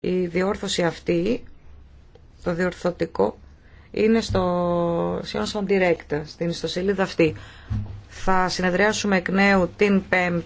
Η διόρθωση αυτή, το διορθωτικό, είναι στο Son Direct, στην ιστοσελίδα αυτή. Θα συνεδριάσουμε εκ νέου την Πέμπτη.